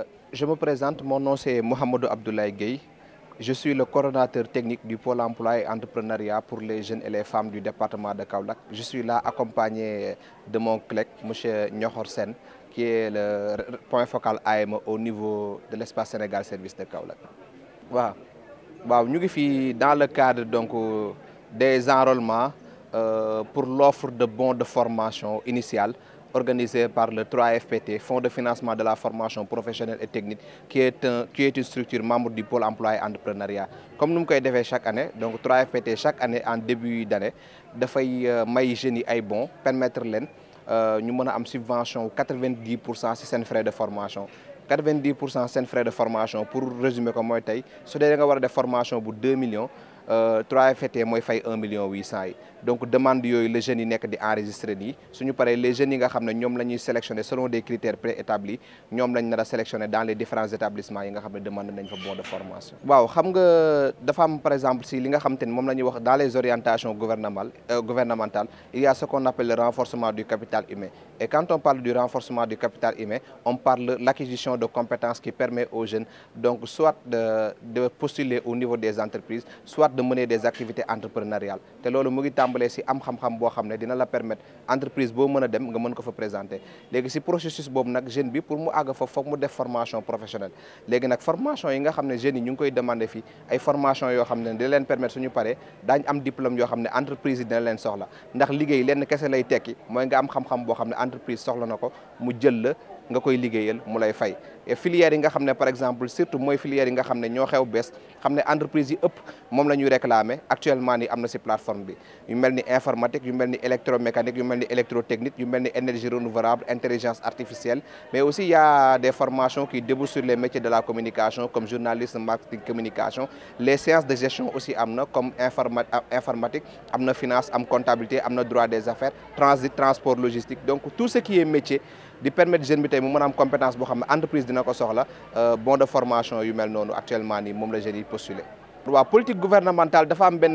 Euh, je me présente, mon nom c'est Mohamed Abdoulaye Gueye. Je suis le coordonnateur technique du Pôle emploi et entrepreneuriat pour les jeunes et les femmes du département de Kaolack. Je suis là accompagné de mon collègue, monsieur Niokhor Sen, qui est le point focal AME au niveau de l'espace Sénégal Service de Kaolack. waaw waaw ñu ngi fii dans le cadre donc euh, des enrôlements euh, pour l'offre de bons de formation initiale organisé par le 3FPT, Fonds de financement de la formation professionnelle et technique, qui est, un, qui est une structure membre du pôle emploi et entrepreneuriat. Comme nous le faisons chaque année, donc 3FPT, chaque année, en début d'année, de faire euh, des génie et bon, permettre les euh, ñu mën a am subvention 90 pour cent si seen frais de formation 90 pour cent seen frais de formation pour résumer ko mooy tey su dee da nga war a formation bu 2 millions 3FPT euh, mooy fay 1 million 800 yi donc demande yooyu le jeunes yi nekk di enregistré nii suñu paree les jeunes yi nga xam ne ñoom la ñuy sélectionné selon des critères préétablis ñoom lañ nar a sélectionné dans les différents établissements yi nga xam ne demande nañ fa bon de waaw xam nga dafa am par exemple si li nga xam te moom la ñuy wax dans les orientations euh, gouvernementales il y a ce qu'on appelle le renforcement du capital humain et quand on parle du renforcement du de l'acquisition de compétences qui permet aux au niveau des entreprises permettre de mener des activités entrepreneuriales te loolu mu ngi tàmbalee si am xam-xam boo xam ne dina la permettre entreprise boo mën a dem nga mën ko fa présenter léegi si processus boobu nag jeune bi pour mu àgg fa foog mu def formation professionnelle léegi nag formation yi nga xam ne jeunes yi ñu ngi koy demander fii ay formation yoo xam ne dina leen permettre suñu paree daañ am diplôme yoo xam ne entreprise yi dina leen soxla ndax liggéey lenn kese lay tekki mooy nga am xam boo xam ne entreprise soxla na ko mu jël la nga koy liggéeyal mu fay et filières yi nga xam ne par exemple surtout mooy filières yi nga xam ne ñoo xew bees xam ne entreprise yi ëpp moom la ñuy actuellement ni am na si plateforme bi yu mel ni informatique yu mel ni électromécanique yu mel ni électrotechnique yu mel ni énergie renouvelable intelligence artificielle mais aussi y a des formations qui débouchent sur les métiers de la communication comme journalisme marketing communication les séances de gestion aussi am na comme informa informatique am na finance am comptabilité am na droit des affaires transit transport logistique donc di permettre jeune bi tey mu mën a am compétence boo xam ne entreprise dina ko soxla euh, bon de formation yu mel noonu actuellement nii moom la jeunes yi postuler waaw politique gouvernementale dafa am benn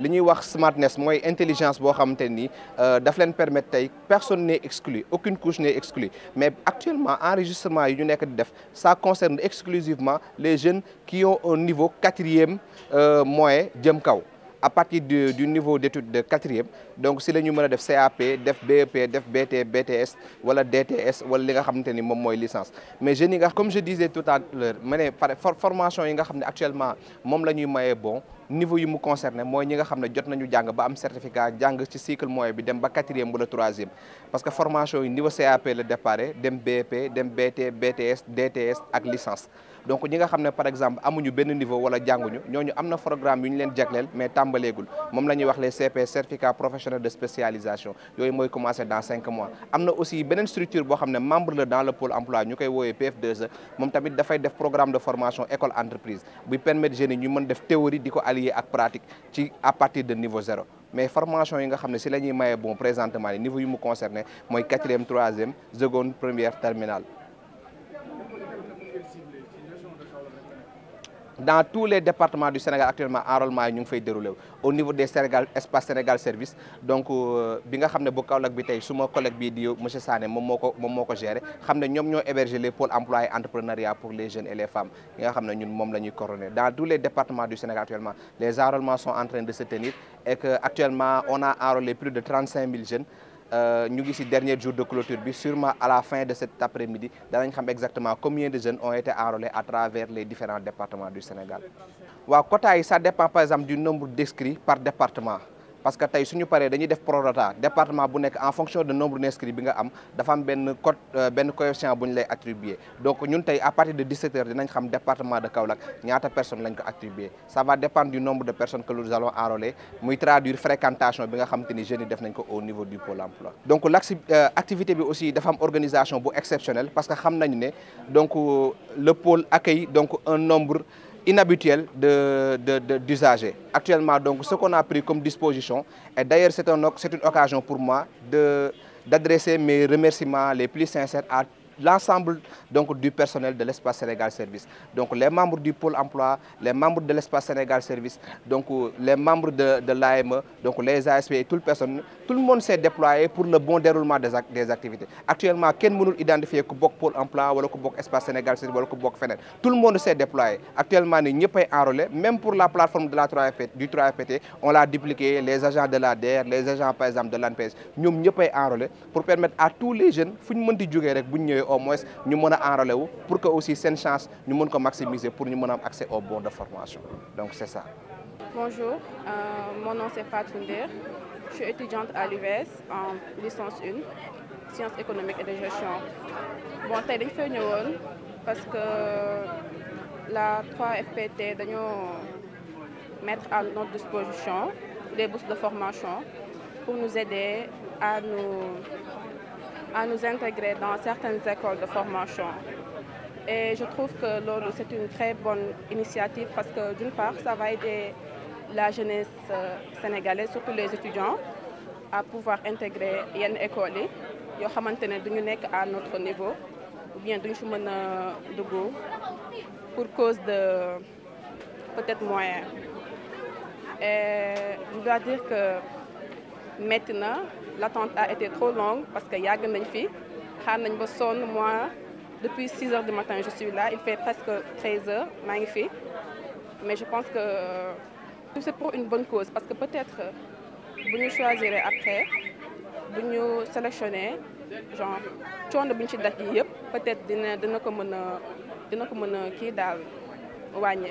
li ñuy wax smartness mooy intelligence boo xamante ni euh, daf leen permettre tey personne n'est exclu aucune couche n'est exclue mais actuellement enregistrement yi ñu nekk di def ça concerne exclusivement les jeunes qui ont un niveau quatrième euh, moyen jëm kaw à partir du du de d'étude de quatrième donc si la ñu mën a def CAP def BEP def BT BTS wala DTS wala li nga xamante ni moom mooy licence mais jeunes yi nga comme je disais tout à l'heure ma ne formation yi nga xam ne actuellement moom la ñuy mayee bon niveau yi mu concerné mooy ñi nga xam ne jot nañu jàng ba am certificat jàng ci cycle moyen bi dem ba quatrième wala troisième parce que formation yi niveau CAP la déparé dem BEP dem BT BTS ak licence donc ñi nga xam ne par exemple amuñu benn niveau wala jànguñu ñooñu am na programme yu ñu leen jagleel mais tàmbaleegul moom la ñuy wax les certificat professionnel de spécialisation yooyu mooy commencé dans cinq mois am na aussi beneen structure boo xam ne allié ak pratique ci à partir de niveau zéro mais formation yi nga xam ne si la ñuy maye bon présentement ni niveau yu mu concerné mooy quatrième troisième seconde première terminale dans tous les départements du Sénégal actuellement enrôlement yi ñu ngi fay déroulé wu au niveau des Sénégal espace Sénégal service donc euh, bi xam ne bu Kaolack bi tey suma collègue bii di monsieur Sané moom moom moo ko géré xam ne ñoom ñoo héberger les pôles emploi et entrepreneuriat pour les jeunes et les femmes yi xam ne ñun moom la ñuy coordonner dans tous les départements du Sénégal actuellement les enrôlements sont en train de se tenir et que actuellement on a enrôlé plus de 35 000 Euh, ñu ngi ci dernier jour de clôture bi sûrement à la fin de cet après-midi danañ xam exactement combien de jeunes ont été enrôlés à travers les différents départements du Sénégal waaw quota yi dépend par exemple du nombre d'inscrits par département parce que tey suñu paree dañuy def prorata bu nekk en fonction de nombre d'inscrits bi nga am dafa am benn code euh, benn coefficient bu ñu lay attribué donc ñun tey à partir de 17 heures dinañ xam département de Kaolack ñaata personnes lañ ko attribué ça va dépendre du nombre de personnes que nous allons enrôler muy traduire fréquentation bi nga xamante ni jeunes yi def nañ ko au niveau du pôle emploi donc euh, activité bi aussi dafa organisation bu exceptionnelle parce que xam nañu donc euh, le pôle accueille un nombre inhabituel d'usager. De, de, de Actuellement, donc, ce qu'on a pris comme disposition, et d'ailleurs c'est un, une occasion pour moi d'adresser mes remerciements les plus sincères à l'ensemble du personnel de l'espace Sénégal Service donc les membres du pôle emploi les membres de l'espace Sénégal Service donc euh, les membres de l'AME donc les ASP et tout le personnel tout le monde s'est déployé pour le bon déroulement des activités actuellement kenn mënul identifier ku pôle emploi wala ku espace Sénégal Service wala ku bokk tout le monde s'est déployé actuellement ni ñëpp ay enrôlé même pour la plateforme de la 3FPT du 3FPT on l'a dupliqué les agents de la DER les agents par exemple de l'ANPEJ ñoom ñëpp ay enrôlé pour permettre à tous les jeunes fu ñu mën di jógee rek bu ñu ñëwee au moins ñu mën a enrôler wu pour que aussi seen chance ñu mën ko maximiser pour ñu mën a am accès au bon de formation donc c' ça. Bonjour, euh, mon nom c'est Fatou Nder. Je suis étudiante à l'UVS en licence 1, sciences économiques et de gestion. Bon, tey dañu fay ñëwoon parce que la 3FPT dañoo mettre à notre disposition des bourses de formation pour nous aider à nous à nous intégrer dans certaines écoles de formation. Et je trouve que l'ONU, c'est une très bonne initiative parce que d'une part, ça va aider la jeunesse euh, sénégalaise, surtout les étudiants, à pouvoir intégrer yenn écoles yi yoo xamante ne duñu nekk à notre niveau ou bien duñu fi mën a dugg pour cause de peut-être moyen et je dois dire que metti na l'attente a été trop longue parce que yàgg nañ fi xaar nañ ba sonn moi depuis 6 heures du matin je suis là il fait presque 13 heures maa ngi fi mais je pense que tout euh, c'est pour une bonne cause parce que peut-être euh, bu ñu choisir après bu ñu sélectionné genre coono bu ñu ci daj yi yëpp peut-être dina dina ko mën a dina ko mën a kii daal wàññi